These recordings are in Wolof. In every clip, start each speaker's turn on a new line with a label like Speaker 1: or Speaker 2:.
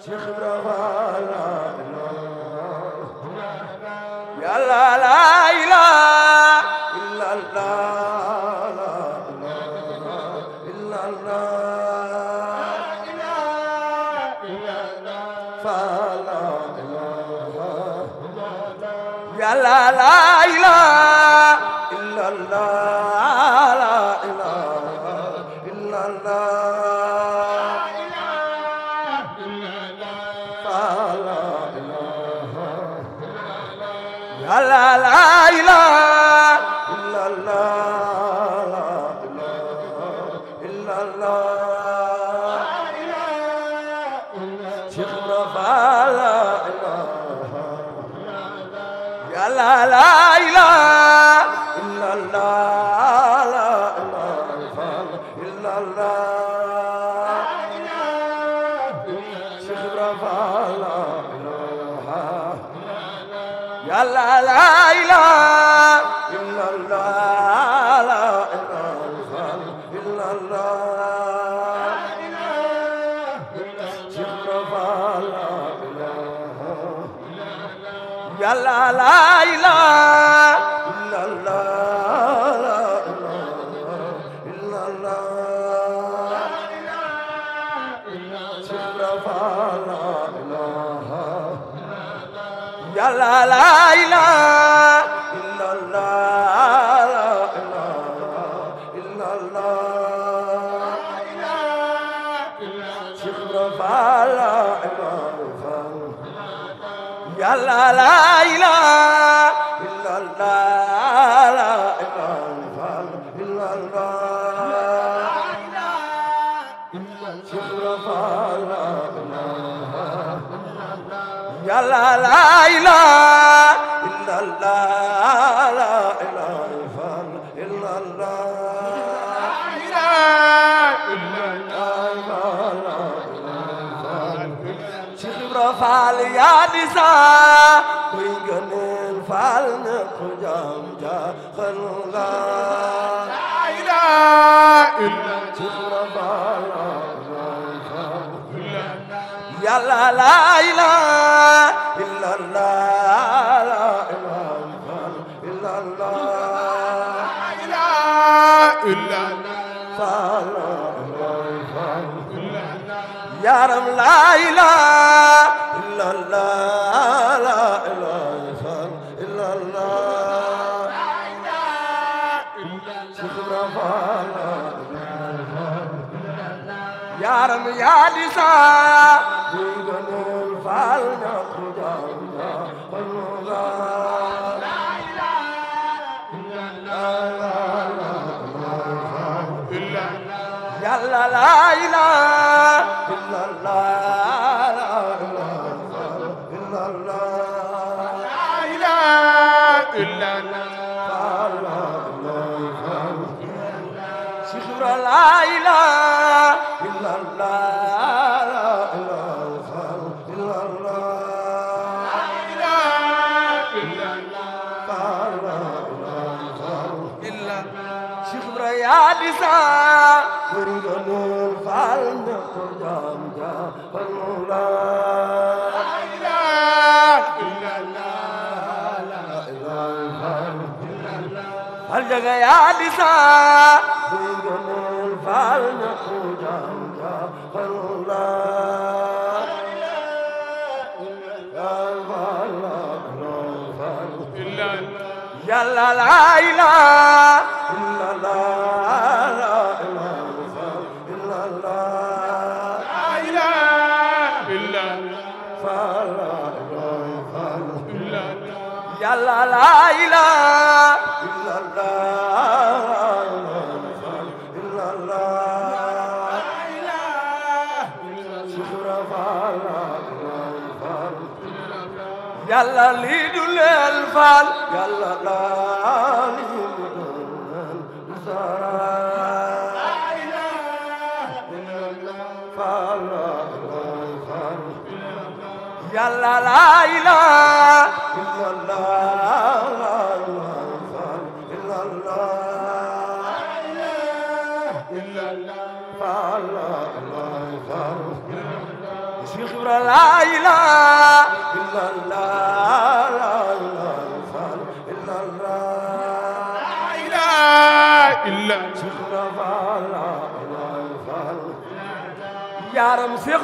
Speaker 1: Cheikh Ibrahima la la la Faal na ko jam ja xanu la yàlla la ilaha illallah yaram la ilaha illallah yaaram yaa di saa fal jaga yaa di saa buy gëneel fal na ku jaam jaam farula yàlla laa ilaa illa laa yàlla laa ilaa خليل الألفال يلا لا يلا لا إله إلا الله إلا الله إلا الله فالله الله شيخ لا إله illa Soxna Faala Faal yaaram Seex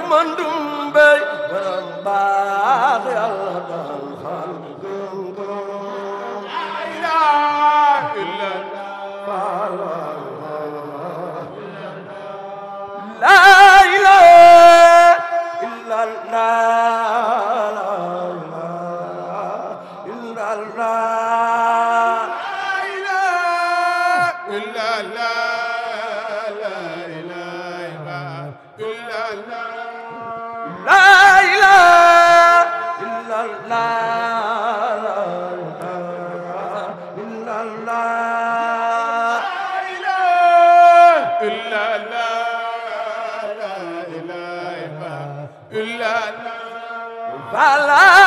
Speaker 1: Bala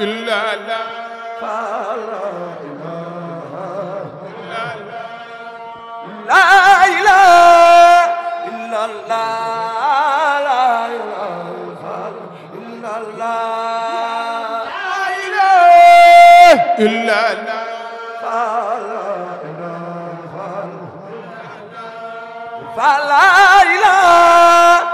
Speaker 1: إلا لا لا إله إلا الله إلا أنا فلا إله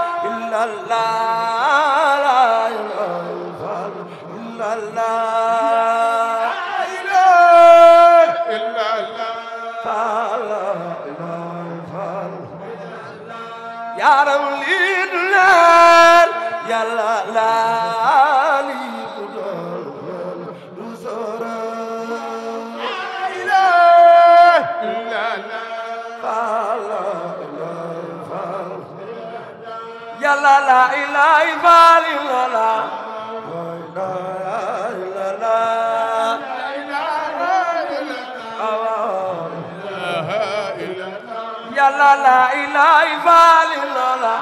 Speaker 1: la la ilaha illallah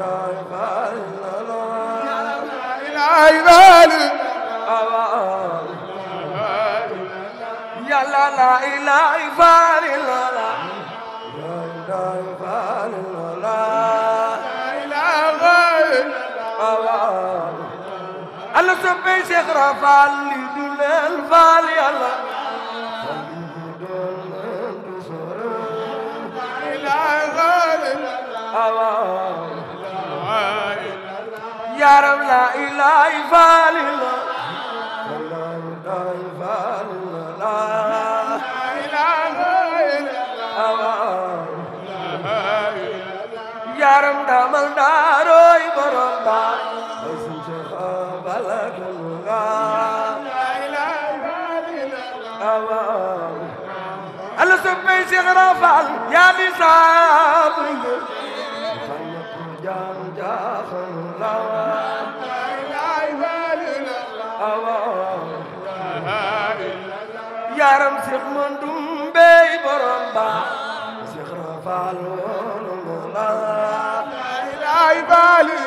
Speaker 1: la ilaha illallah ya la la ilaha illallah Allah Allah yaram la ilahi falila la falila yaram damal daroy borom da Allah subhanahu wa ta'ala ya nizam man dumbey borom ba Seex Rafal la ilaay baali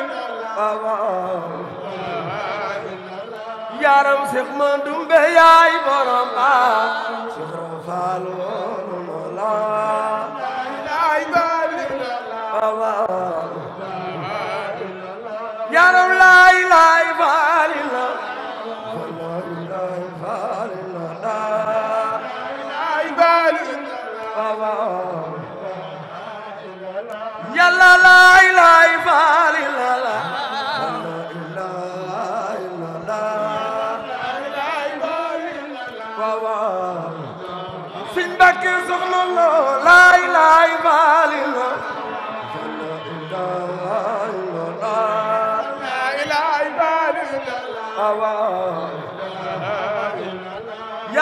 Speaker 1: yaram Seex man dumbey yaay borom ba Seex Rafal la ilaay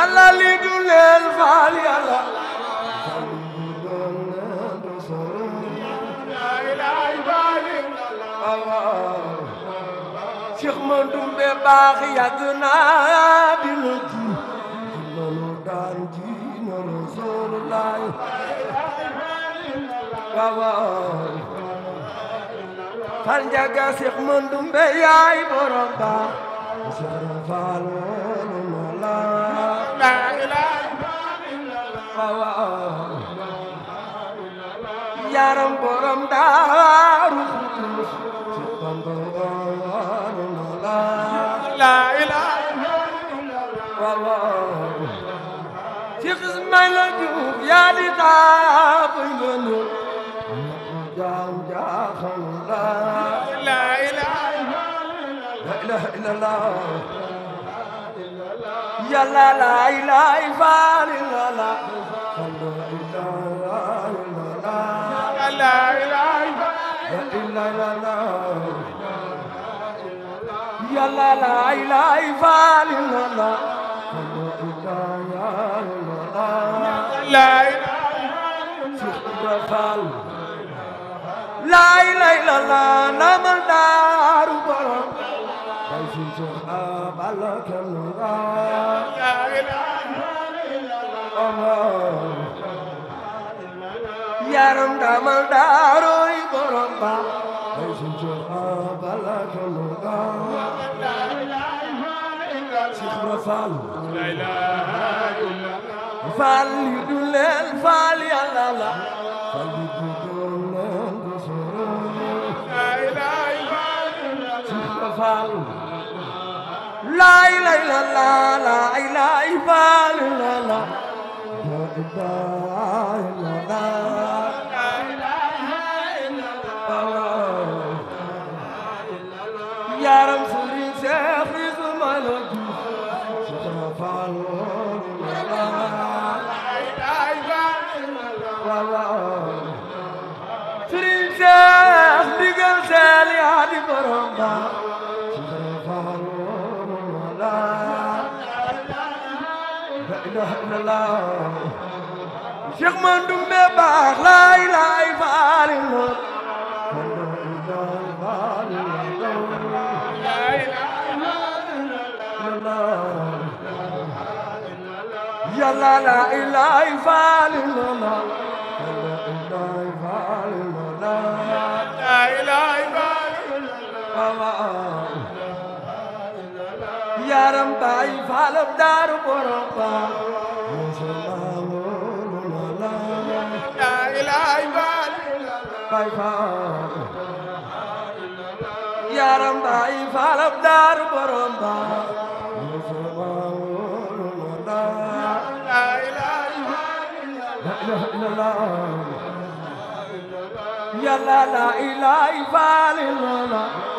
Speaker 1: yàlla li du leel faal yàlla Cheikh Mandoumbe baax yàgg naa di la ji nanu daan ji nanu soolu laay waaw Fall Njaga Cheikh Mandoumbe yaay borom baax jaram borom daaru la ilaha illallah ci xismay la juuf yaa di taabay la nu jaam jaaxam la la
Speaker 2: ilaha
Speaker 1: illallah yàlla la ilaha illallah yaram damal daarooy borom ba faal la la illallah
Speaker 2: Cheikh Mandoumbe baax la ilaha
Speaker 1: illallah yàlla la ilaha illallah la ilaha illallah yaram baay faalam daaru borom ba bay faal yaram bay faalam daaru borom ba yalla la ilaha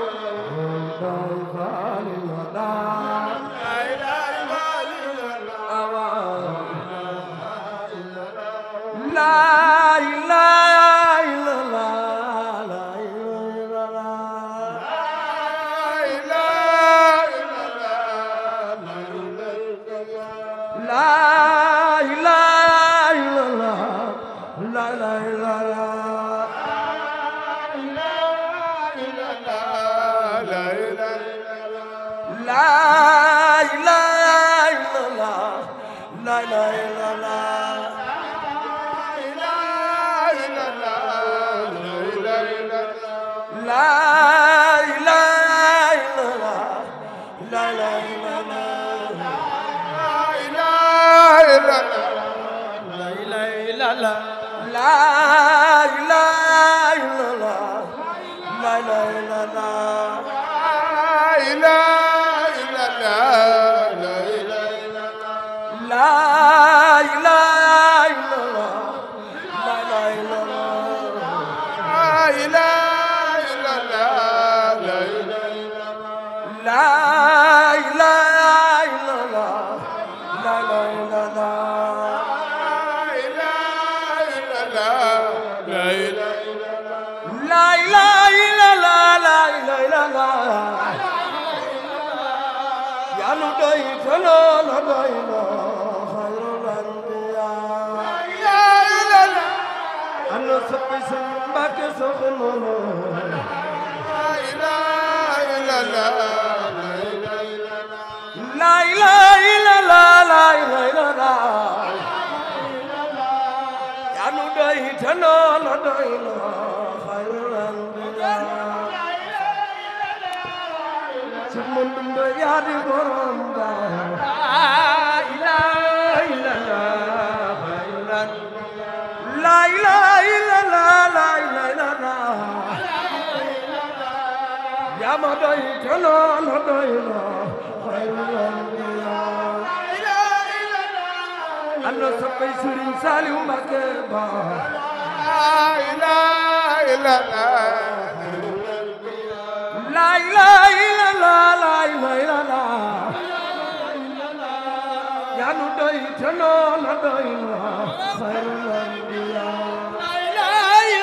Speaker 1: ilaha yaa هديتنا لدينا خير الأنبياء يا إلهنا أن نسقي سمك سخننا لا إله إلا الله
Speaker 2: لا إله إلا الله لا
Speaker 1: إله إلا الله يا نديتنا لدينا خير الأنبياء mundum do yaadi borom daaru laa ilaaha illallah laa ilaaha illallah laa ilaaha
Speaker 2: illallah
Speaker 1: yaa ma doy te noonu doy loo xayrul anbiyaa ana soppay Sëriñ Saaliw Mbàkke ba
Speaker 2: laa ilaaha illallah
Speaker 1: laa ilaaha la ilaha illallah yaa la ilaha illallah la ilaha illallah yàlla la ilaha illallah la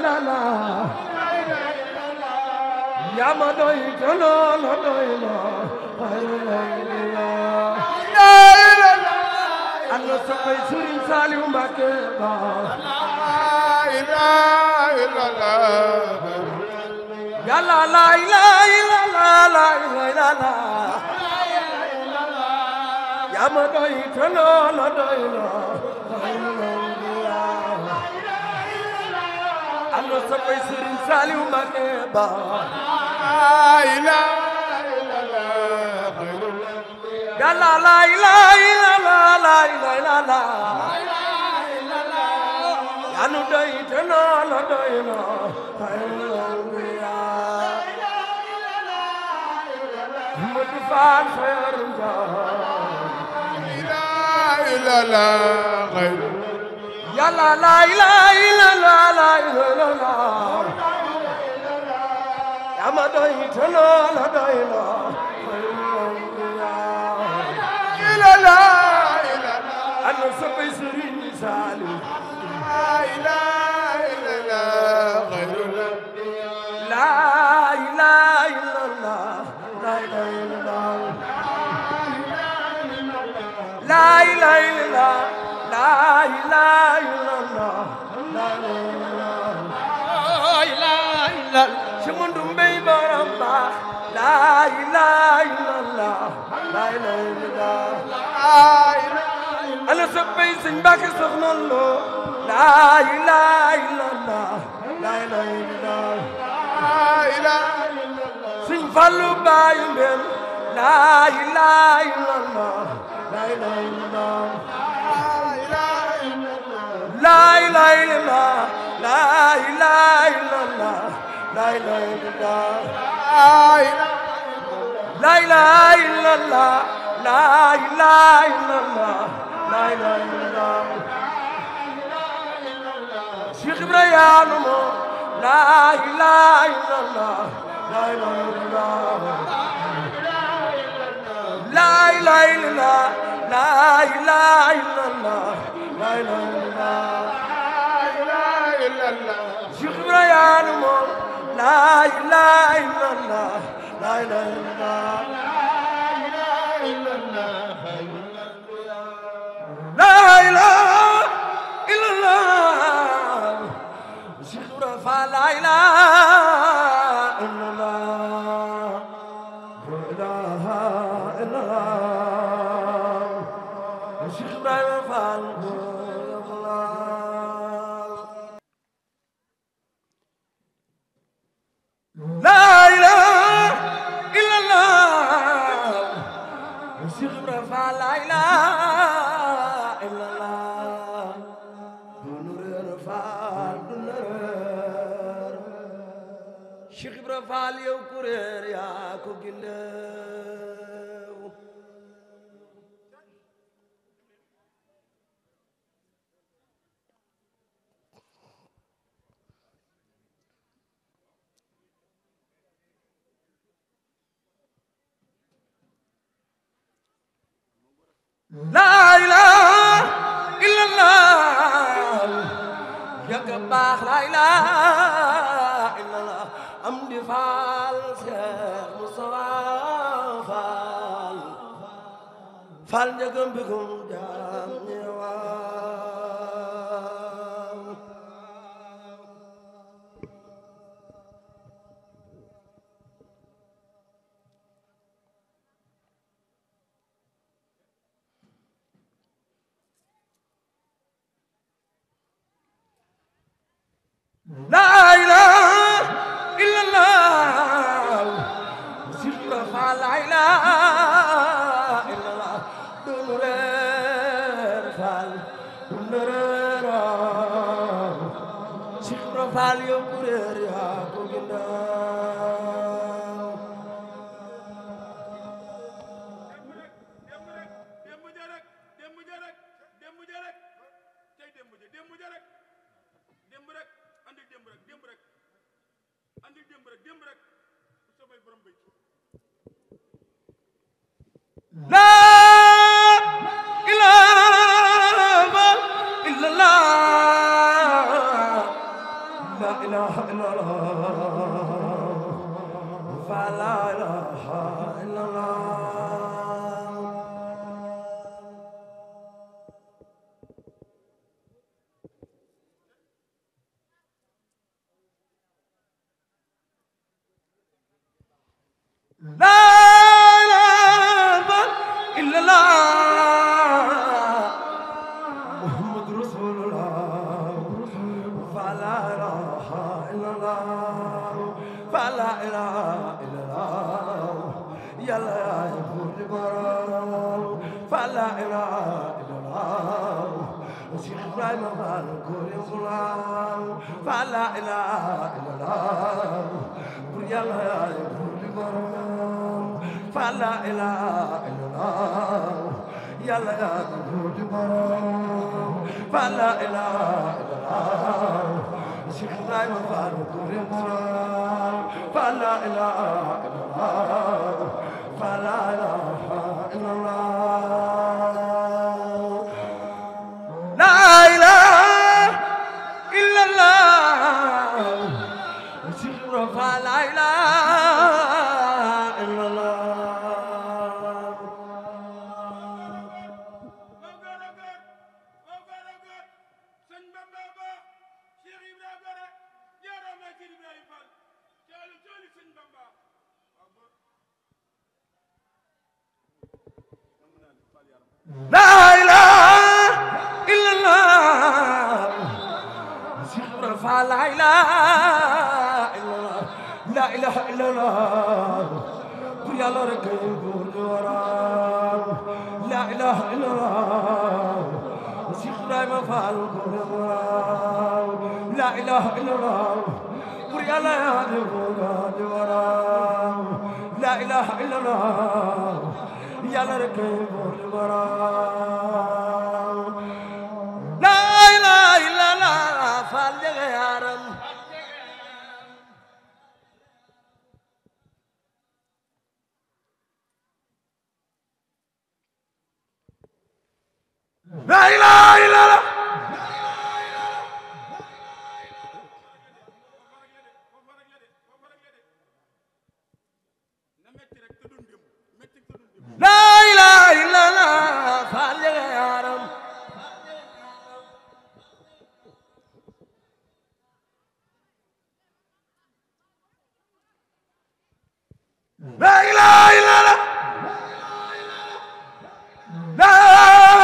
Speaker 1: ilaha
Speaker 2: illallah
Speaker 1: yaa ma doy am na la ilaha illallah yàlla la ilaha la ilaha illallah yaa ma doy la doy لا la ilaha illallah la ilaha illallah ana soppay sëñ Mbàkke Soxna Lo la ilaha illallah la ilaha
Speaker 2: illallah sëñ Fallu
Speaker 1: Baay Mbeen la ilaha illallah la ilaha illallah
Speaker 2: la ilaha illallah la ilaha
Speaker 1: illallah la ilaha illallah لا إله إلا الله لا إله إلا الله لا إله إلا الله شيخ إبراهيم لا إله إلا الله لا إله إلا الله
Speaker 2: لا إله إلا الله
Speaker 1: لا إله إلا الله لا إله إلا الله شيخ إبراهيم لا إله إلا الله la ilaha faal yow kuréer yaa ah, ko gindeew laa ilaaha illallaah yàgg baax laa ilaaha faal Seex Mustafaa faal faal njëgëm bi kum jaam ñi waaw na la ilaha illallah رضا فلا إله إلا الله فلا إله illallah buur yàlla rek ay buur di waral la ilaha illallah Cheikh Ibrahima Fall buur di waral la ilaha illallah buur yàlla di buur di waral la ilaha illallah yàlla rek ay buur di waral la ilaha illallah Fall laa
Speaker 2: ilaaha illallaah laa ilaaha illallaah faal jege yaaram laa ilaaha illallaah laa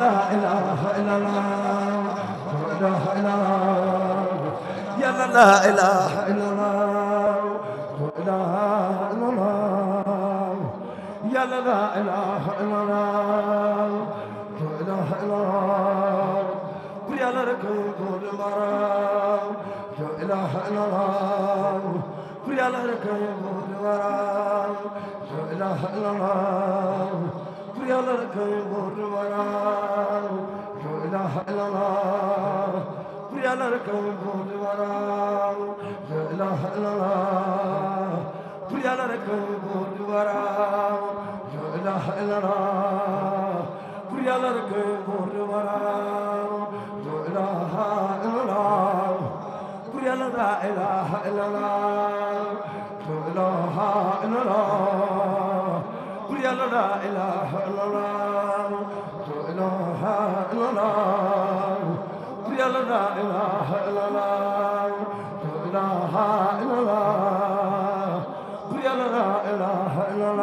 Speaker 1: لا إله إلا الله لا إله يا لا إله إلا الله لا إله إلا الله يا لا إله إلا الله لا إله إلا الله بريا لك يقول مرام لا إله إلا الله بريا لك يقول مرام لا إله إلا الله بريا لك يقول مرام الكون إله إلا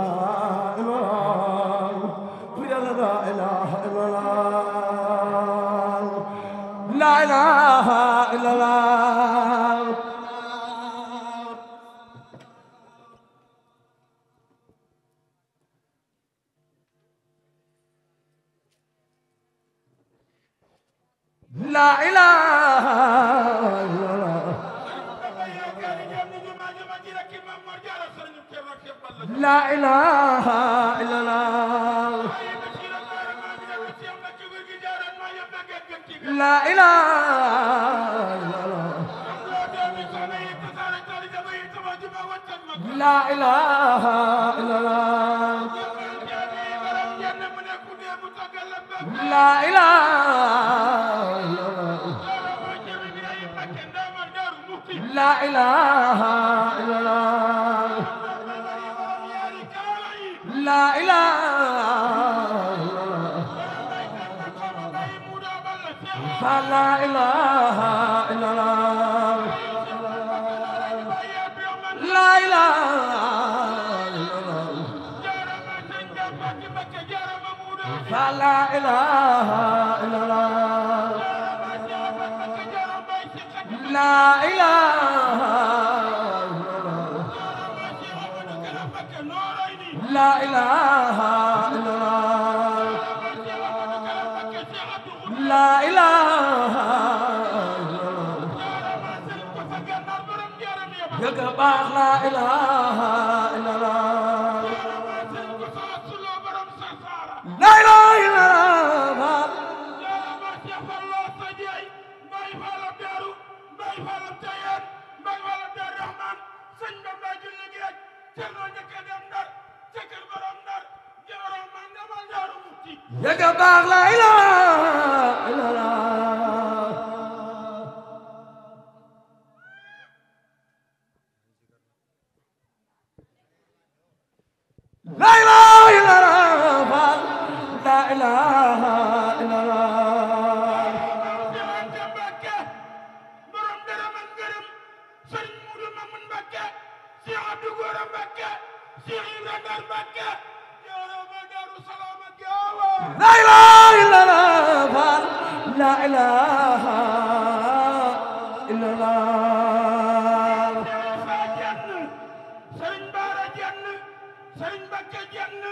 Speaker 1: الله لا إله إلا الله لا إله فلا إله إلا الله لا إله فلا إله إلا الله لا
Speaker 3: Cerno njëkk a dem Ndar
Speaker 2: yaga baax la ilaha illallah la ilaha illallah la ilaha la
Speaker 1: ilaha illallah la ilaha illallah
Speaker 2: Serigne Bara
Speaker 3: Diène Serigne Mbacké Diène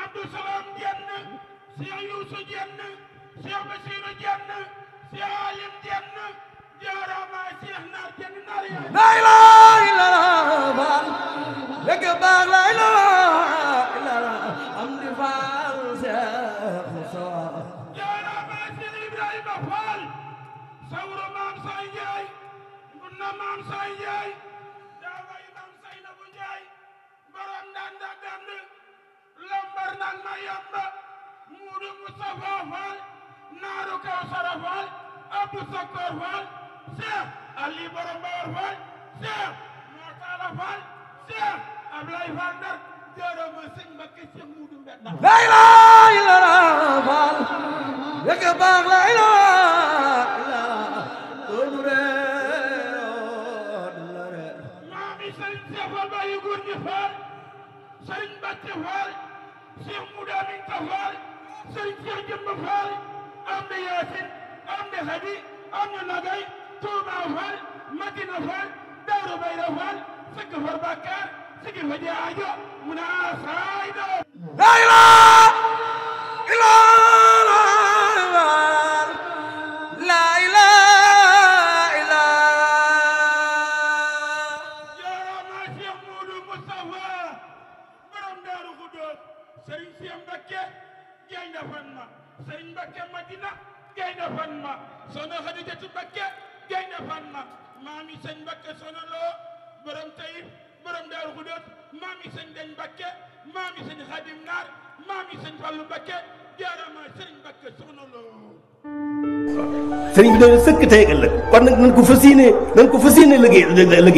Speaker 3: Abdou Salam Diène Cheikh Youssou Diène Cheikh Bassirou Diène Cheikh Alim Diène jaarama
Speaker 2: Cheikh Naar Diène Naar ya la ilaha
Speaker 1: illallah léegi baax lay la la am di faal Seex Muusaa
Speaker 2: jaara baay si Ibrahima Faal sawru maam say njaay
Speaker 3: gunna maam say njaay daaway maam say na bu njaay borom ndaan da dand lambar naan ma yamba muudu Mustafa Faal naaru Kawsara Faal Abdu Sakkoor Faal Seex Ali borom Bawar Faal Seex Moo Taala Faal Seex Ablaye
Speaker 2: Fall Ndar jërëm sëñ Mbakke Seex Muudu Mbenda lay lay la la Fall yëkk baax lay la la doonu reer
Speaker 1: la reer maami sëñ Seex Fall baay góor ñi Fall
Speaker 3: sëñ Mbakke Fall Seex Muudu Aminta Fall sëñ Seex Jëmb Fall am na Yaasin am na Xadi am na Nagay Tuuba Fall Madina Fall Daaru Bayra Fall sëkk Fall Bakkaar sëñ Mbakke sono loo borom tayib borom daaru xudóot maam yi sëñ dañ Mbakke maam yi sëñ Xadim Naar maam yi sëñ Fallu Mbakke
Speaker 2: jaarama sëñ Mbakke soxna loo sëriñ bi dana sëkk tey ëllëg kon nag nañ ko fas yéene nañ ko fas yéene liggéey liggéey